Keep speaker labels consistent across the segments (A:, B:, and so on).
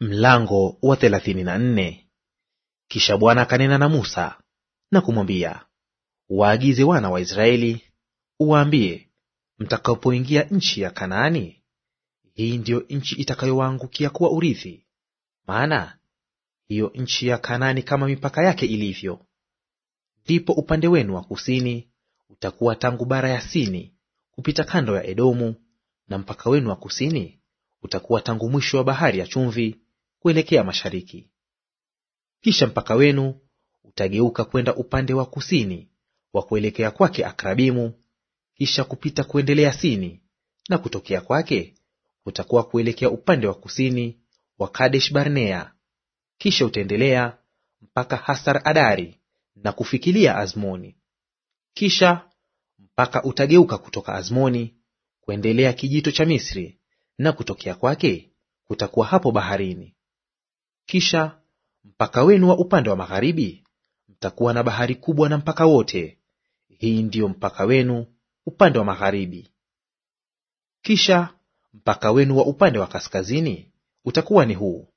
A: Mlango wa thelathini na nne. Kisha Bwana akanena na Musa na kumwambia, waagize wana wa Israeli uwaambie, mtakapoingia nchi ya Kanaani, hii ndiyo nchi itakayowaangukia kuwa urithi, maana hiyo nchi ya Kanaani kama mipaka yake ilivyo. Ndipo upande wenu wa kusini utakuwa tangu bara ya Sini kupita kando ya Edomu, na mpaka wenu wa kusini utakuwa tangu mwisho wa bahari ya chumvi kuelekea mashariki. Kisha mpaka wenu utageuka kwenda upande wa kusini wa kuelekea kwake Akrabimu, kisha kupita kuendelea Sini, na kutokea kwake utakuwa kuelekea upande wa kusini wa Kadesh Barnea, kisha utaendelea mpaka Hasar Adari na kufikilia Azmoni. Kisha mpaka utageuka kutoka Azmoni kuendelea kijito cha Misri, na kutokea kwake kutakuwa hapo baharini. Kisha mpaka wenu wa upande wa magharibi mtakuwa na bahari kubwa na mpaka wote; hii ndiyo mpaka wenu upande wa magharibi. Kisha mpaka wenu wa upande wa kaskazini utakuwa ni huu: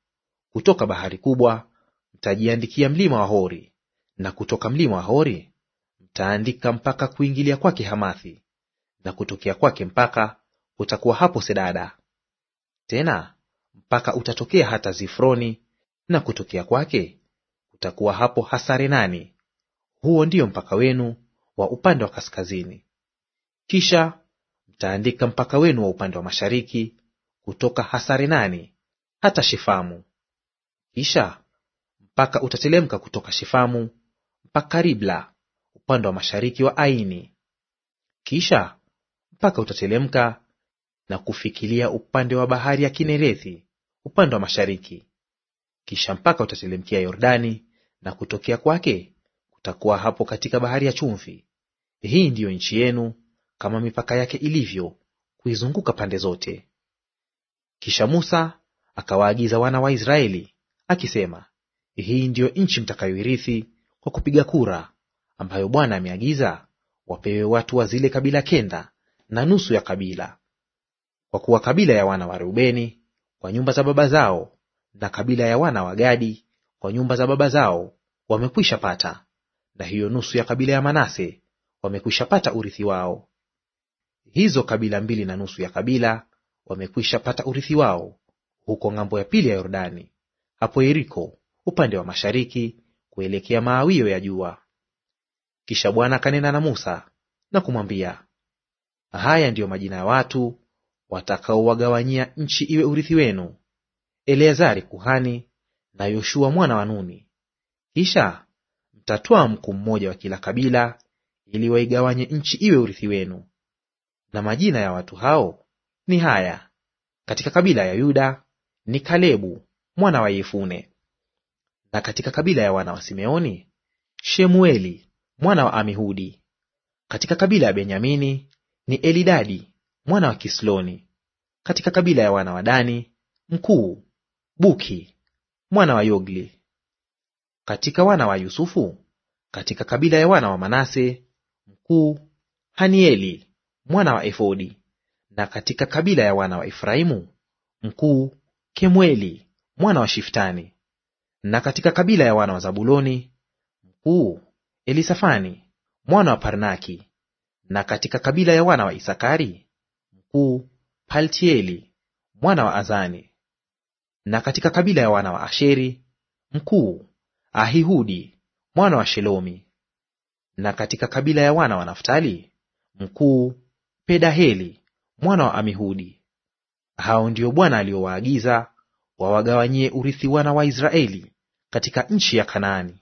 A: kutoka bahari kubwa mtajiandikia mlima wa Hori, na kutoka mlima wa Hori mtaandika mpaka kuingilia kwake Hamathi, na kutokea kwake mpaka utakuwa hapo Sedada. Tena mpaka utatokea hata Zifroni na kutokea kwake kutakuwa hapo Hasarenani; huo ndio mpaka wenu wa upande wa kaskazini. Kisha mtaandika mpaka wenu wa upande wa mashariki kutoka Hasarenani hata shifamu Kisha mpaka utatelemka kutoka shifamu mpaka Ribla upande wa mashariki wa Aini. Kisha mpaka utatelemka na kufikilia upande wa bahari ya Kinerethi upande wa mashariki. Kisha mpaka utatelemkia Yordani, na kutokea kwake kutakuwa hapo katika bahari ya chumvi. Hii ndiyo nchi yenu, kama mipaka yake ilivyo kuizunguka pande zote. Kisha Musa akawaagiza wana wa Israeli akisema, hii ndiyo nchi mtakayoirithi kwa kupiga kura, ambayo Bwana ameagiza wapewe watu wa zile kabila kenda na nusu ya kabila, kwa kuwa kabila ya wana wa Reubeni kwa nyumba za baba zao na kabila ya wana wa Gadi kwa nyumba za baba zao wamekwisha pata, na hiyo nusu ya kabila ya Manase wamekwisha pata urithi wao. Hizo kabila mbili na nusu ya kabila wamekwisha pata urithi wao huko ng'ambo ya pili ya Yordani, hapo Yeriko upande wa mashariki kuelekea maawio ya jua. Kisha Bwana akanena na Musa na kumwambia, haya ndiyo majina ya watu watakaowagawanyia nchi iwe urithi wenu Eleazari kuhani na Yoshua mwana wa Nuni. Kisha mtatwaa mkuu mmoja wa kila kabila ili waigawanye nchi iwe urithi wenu. Na majina ya watu hao ni haya: katika kabila ya Yuda ni Kalebu mwana wa Yefune, na katika kabila ya wana wa Simeoni Shemueli mwana wa Amihudi; katika kabila ya Benyamini ni Elidadi mwana wa Kisloni; katika kabila ya wana wa Dani mkuu Buki mwana wa Yogli. Katika wana wa Yusufu, katika kabila ya wana wa Manase, mkuu Hanieli mwana wa Efodi; na katika kabila ya wana wa Efraimu, mkuu Kemueli mwana wa Shiftani; na katika kabila ya wana wa Zabuloni, mkuu Elisafani mwana wa Parnaki; na katika kabila ya wana wa Isakari, mkuu Paltieli mwana wa Azani. Na katika kabila ya wana wa Asheri mkuu Ahihudi mwana wa Shelomi. Na katika kabila ya wana wa Naftali mkuu Pedaheli mwana wa Amihudi. Hao ndio Bwana aliyowaagiza wawagawanyie urithi wana wa Israeli katika nchi ya Kanaani.